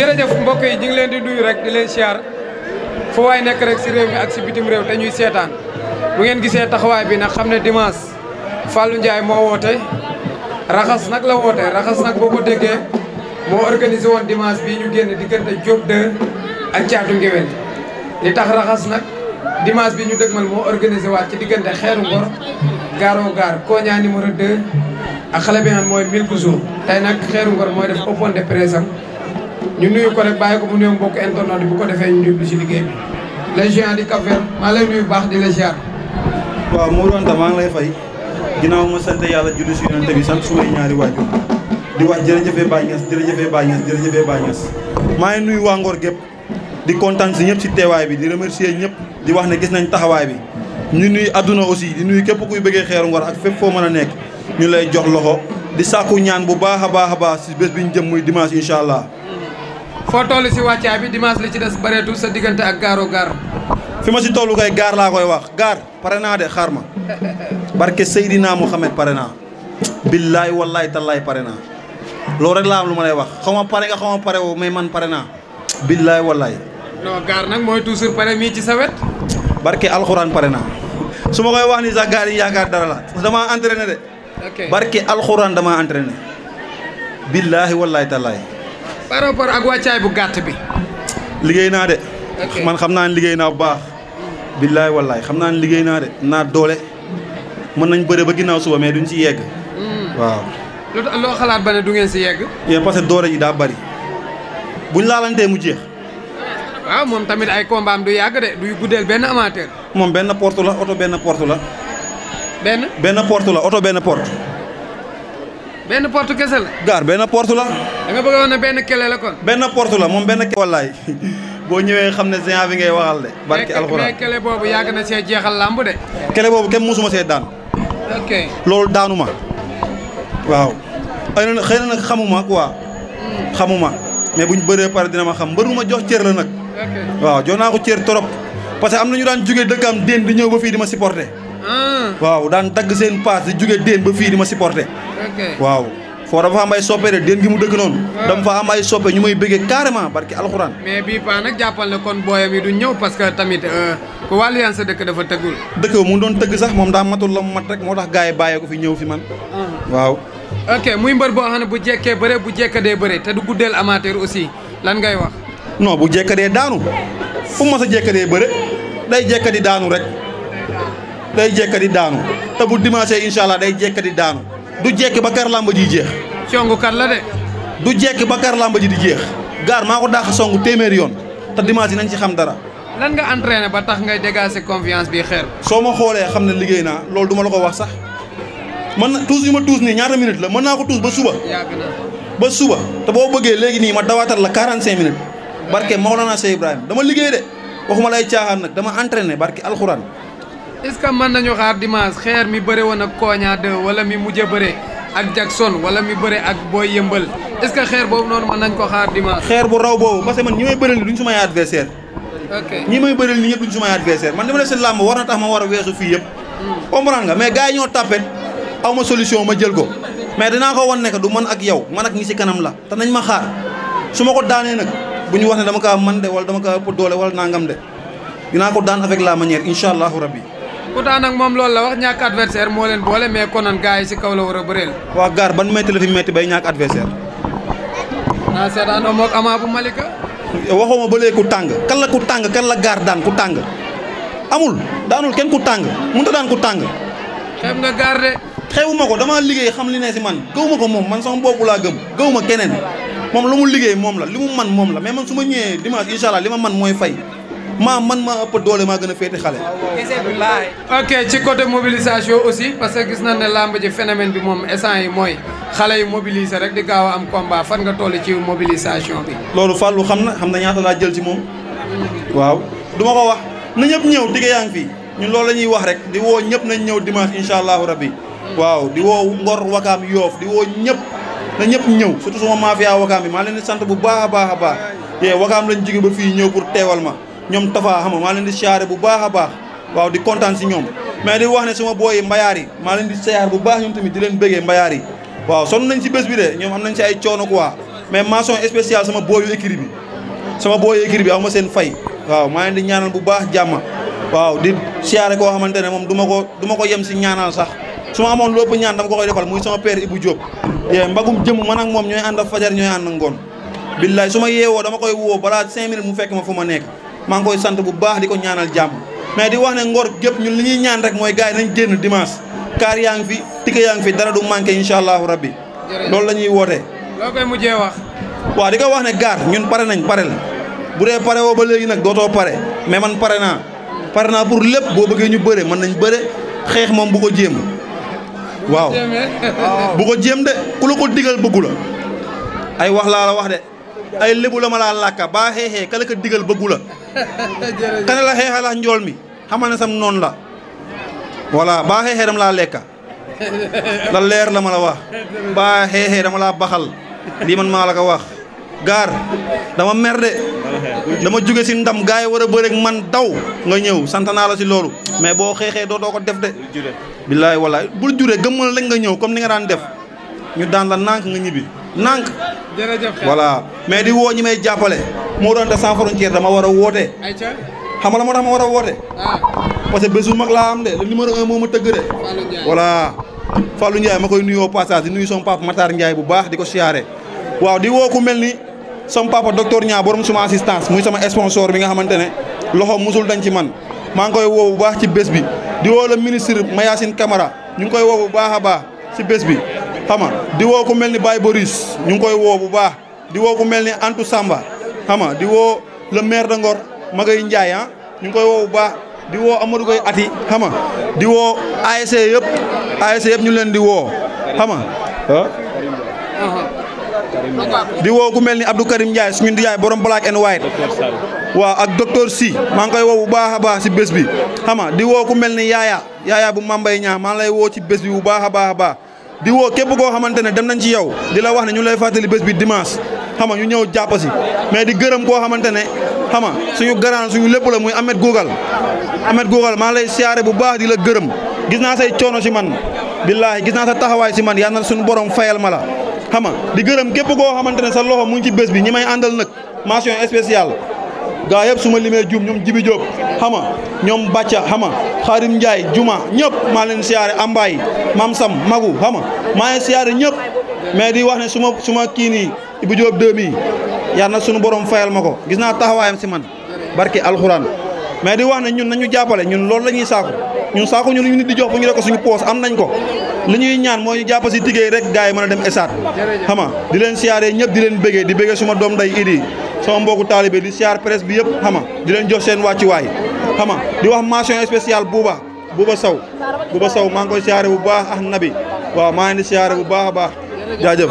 jërëjëf mbokk yi ngi leen di duy rek di leen siyaar fu waay nekk rek si réew mi ak si bitim réew te ñuy seetaan bu ngeen gisee taxawaay bi na xam ne dimanche Fallou Ndiaye moo woote raxas nag la woote raxas nag boo ko déggee moo organisé woon dimanche bii ñu génn diggante Diop 2 ak Caatu Ngéwél li tax raxas nag dimanche bi ñu dëgmal moo organisé waat ci diggante Xeeru Ngor Garo Gar Koña numéro 2 ak xale bi nga xam mooy Milk Jour tey nag Xeeru mooy def open de presse ñu nuyu ko rek bàyyi ko mu nuyu mbokk internet bu ko defee ñu nuyu si liggéey bi le géant di Cap maa lay nuyu baax di la ziar. waaw Modou Anta maa ngi lay ginnaaw ma sant yàlla julli si yonent bi sant sumay ñaari waajur di wax jërëjëfee Baye Niass jërëjëfee Baye Niass jërëjëfee Baye maa ngi nuy waa Ngor gépp di kontaan si ñëpp ci teewaay bi di remercier ñëpp di wax ne gis nañ taxawaay bi ñu nuyu adduna aussi di nuyu képp kuy bëggee xeeru Ngor ak fépp foo mën a nekk ñu lay jox loxo di sàkku ñaan bu baax a baax a baax si bés bi ñu jëm muy dimanche incha allah foo toll si wàccaay bi dimanche li ci des bareetul sa diggante ak gaaro gaar fi ma si tollu koy gaar laa koy wax gaar pare naa de xaar ma barke mu Mouhamed pare naa billaay wallaay tallaay pare naa loolu rek laa am lu ma lay wax xaw ma pare nga xaw pare woo mais man pare naa billaay wallaay non gaar nag mooy toujours pare mii ci sa wet barke alxuraan pare naa su ma koy wax ni sax gaar yaakaar dara la damaa entraîné de barke alxuraan damaa entraîné billaahi wallaay par rapport ak wàccaay bu gàtt bi. liggéey naa de. man xam naa liggéey naa bu baax. billaay wallaay xam naa ne liggéey naa de naa doole mën nañ bëre ba ginnaaw suba mais duñ ci yegg. Mm. waaw. loo xalaat ba ne du ngeen si yegg. yéen parce que doole ji daa bari buñ laalantee mu jeex. waaw moom tamit ay kombaam du yàgg de du guddeel benn amateur. moom benn porte la oto benn porte la. benn. benn porte la oto benn porte. benn porte kese la. gaar benn porte la. da nga wax ne benn kele la kon. benn porte la moom benn. wallaay boo ñëwee xam ne géant bi ngay waxal de. barki alxuraan mais kele boobu yàgg na see jeexal làmb de. kele boobu kenn mosuma see daan. loolu daanu ma. waaw. xëy na xëy na nag xamuma quoi. Hmm. xamuma mais buñ bëree pare dina ma xam mbër mu ma jox cër la nag. waaw jox naa ko cër trop. parce que am na ñu daan jógee am déen di ñëw ba fii di ma supporter. Ah. waaw daan dagg seen paas di jóge déen ba fii di ma supporté waaw foo dafa am ay soppe de déen gi mu dëkk noonu ah. dama fa am ay soppe ñu may bëggee carrément barki alxuraan mais bii paa nag jàppal ne kon booyam yi du ñëw parce que tamit euh, ku wàllu yan sa dëkk dafa tëggul dëkk mu doon tëgg sax moom daa matul la mu mat rek moo tax gars yi ko fi ñëw fi man ah. waaw ok muy mbër boo xam ne bu jekkee bëre bu dee bëre te du guddeel amateur aussi lan ngay wax noo bu jekkadee daanu fu ma sa jekkadee bëre day jekkadi daanu rek day jekkati daanu te bu dimanche incha allah day di daanu du jekki ba kar làmb ji jeex. songukat la de. du jekki ba kar làmb ji di jeex. gaar maa ko dàq songu téeméeri yoon te dimanche yi nañ ci xam dara. lan nga entraîné ba tax ngay dégager confiance bi xeer. soo ma xoolee xam ne liggéey naa loolu du ma la ko wax sax mën na tuus yu ma tuus nii ñaata minutes la mën naa ko tuus ba suba. ba suba te boo bëggee léegi nii ma dawaatal la 45 minutes. barke Maolana Cheikh dama liggéey de waxuma lay caaxaan nag dama entraîné barke alxuraan. est-ce que mën nañu xaar dimanche xeer mi bëre woon ak Koña 2 wala mi mujj a bëre ak Jackson wala mi bëre ak Boy Yëmbal est-ce que xeer boobu noonu mën nañ ko xaar dimanche. xeer bu raw boobu parce que man ñi may bëreel ni duñ sumay adversaire. ñi may bëreel ni ñëpp duñ sumay adversaire man li ma def si làmb war na tax ma war a weesu fii yëpp. comprendre nga mais gars yi ñoo tàppet aw ma solution ma jël ko mais dinaa ko wan ne du man ak yow man ak ñi si kanam la te nañ ma xaar suma ko daanee nag bu ñu wax ne dama kaa man de wala dama kaa ëpp doole wala nangam de dinaa ko daan avec la manière incha allahu rabbi Kouta nag moom loolu la wax ñàkk adversaire moo leen boole mais konoon gars yi si kaw la war a bëreel. waa gaar ban métti la fi métti bay ñàkk adversaire. naa seetaanoo moog Ama bu Malika. waxoo ma ba ku tàng kan la ku tàng kan la gaar daan ku tàng amul daanul kenn ku tàng mënut a daan ku tàng. xeeb nga gaar de. xeebu ko dama liggéey xam li ne si man gëw ma ko moom man sama bopp laa gëm gëw ma keneen moom lu mu liggéey moom la li mu man moom la mais man su ma ñëwee dimanche incha li ma man mooy fay. maa man maa ëpp doole maa gën a féete xale. ok ci côté mobilisation aussi parce que gis nañ ne làmb ji phénomène bi moom instant yi mooy xale yi mobiliser rek di gaaw a am combat fan nga toll ci mobilisation bi. loolu Fallou xam na xam na ñaata laa jël ci moom. waaw du ma ko wax na ñëpp ñëw dige yaa ngi fi ñun loolu la ñuy wax rek di woo ñëpp nañ ñëw dimanche incha allahu rabbi waaw di woo Ngor Wakaam Yoof di woo ñëpp na ñëpp ñëw surtout suma mafia Wakaam bi maa leen sant bu baax a baax a baax yee Wakaam lañ jóge ba fii ñëw pour teewal ma. ñoom Tafa xam nga maa leen di siyaare bu baax a baax waaw di kontaan si ñoom mais di wax ne suma booyi mbayaar yi maa leen di siyaare bu baax ñoom tamit di leen bëggee mbayaar yi waaw sonn nañ si bés bi de ñoom am nañ si ay coono quoi mais mention spéciale sama booyu écrit bi sama booyu écrit bi aw ma seen fay waaw maa leen di ñaanal bu baax jàmm waaw di siyaare koo xamante ne moom du ma ko du ko yem si ñaanal sax su ma amoon lépp ñaan dama ko koy defal muy sama père Ibou Diop yee mbagum jëm man ak moom ñooy ànd ak fajar ñooy ànd ngoon billaay su ma yeewoo dama koy woo balaa cinq mu fekk ma fu ma nekk maa ngi koy sant bu baax di ko ñaanal jàmm mais di wax ne ngor gépp ñun li ñuy ñaan rek mooy gars yi nañ génn dimanche kaar yaa ngi fi tike yaa ngi fi dara du manqué incha allahu rabbi loolu la ñuy wootee loo koy mujjee wax di ko wax ne gaar ñun pare nañ pare la bu dee pare woo ba léegi nag dootoo pare mais man pare naa pare naa pour lépp boo bëggee ñu bëre mën nañ bëre xeex moom bu ko jéem waaw bu ko jéem de ku la ko digal bëggu la ay wax laa wax de ay lébu la ma laa làkka baa xeexee kala ko digal bëggu la la xeexalax njool mi xamal ne sam noon la voilà baa xeexee dama laa lekka la leer la ma la wax baa xeexee dama laa baxal lii man maa la ko wax gaar dama mer de dama jóge si ndam gars yi war a bëreeg man daw nga ñëw sant naa la ci loolu mais boo xeexee doo doo ko def de billaay wallaay bul juree gëmmal lañ nga ñëw comme ni nga daan def ñu daan la nànk nga ñibbi nànk. jërëjëf voilà mais di woo ñi may jàppale. moo doon def sans frontière dama war a woote. ayca xam nga la moo tax ma war a woote. Ah. parce que bésu mag laa am de le numéro un moo ma tëgg de. voilà Fallou Ndiaye ma koy nuyoo passage di nuyu son papa Matar Ndiaye bu baax di ko siyaare. waaw di woo ku mel ni son papa docteur Niang borom suma assistance muy sama sponsor bi nga xamante ne loxo musul dañ ci man maa ngi koy woo bu baax ci bés bi. di woo le ministre Mayacine Camara ñu ngi koy woo bu a baax ci bés bi. xam nga di woo ku mel ni Baye Boris ñu ngi koy woo bu baax di woo ku mel ni Antou Samba xam di woo le maire de Ngor Magaye Ndiaye ah, ñu ngi koy woo bu baax di woo Amadou Gueye Ati xam nga di woo ASC yëpp ASC yëpp ñu leen di woo xam nga ah. di woo ku mel ni Abdou Karim Ndiaye suñu ndiyaay borom black and white waaw ak docteur Sy maa ngi koy woo bu baax a baax si bés bi xam di woo ku mel ni Yaaya Yaaya bu Mambay ñaa maa lay woo ci bés bi bu baax a baax a baax di woo képp koo xamante ne dem nañ ci yow di la wax na ñu lay fàttali bés bi dimanche xama ñu ñëw jàpp si mais di gërëm koo xamante ne xama suñu garaan suñu lépp la muy Amet Googal Amet Googal maa lay siyaare bu baax di la gërëm gis naa say coono si man billaahi gis naa sa taxawaay si man yal na suñu borom fayal ma la xama di gërëm képp koo xamante ne sa loxo mu ci bés bi ñi may àndal nag mention spéciale gaa yëpp su ma limee jum ñoom Jibi Diop xama ñoom Bacca xama Xaarim Ndiaye Juma ñëpp maa leen siyaare Ambaay Mam Sam Magu xama maa leen siyaare ñëpp mais di wax ne su ma su ma kii nii Ibi Diop 2000 yàlla na sunu borom fayal ma ko gis naa taxawaayam si man barki alxuraan mais di wax ne ñun nañu jàppale ñun loolu la ñuy saaku ñun saaku ñu lu ñu nit di jox ñu def ko suñu poos am nañ ko li ñuy ñaan mooy ñu si tigéey rek gars yi mën a dem esaat xama di leen siyaare ñëpp di leen bégee di bégee suma doom day idi sama mbokku taalibe di siyaar presse bi yëpp xama di leen jox seen wàccuwaay xama di wax mention spéciale buuba buuba saw buuba saw maa ngi koy siyaare bu baax ak nabi waaw maa ngi di bu baax a baax jaajëf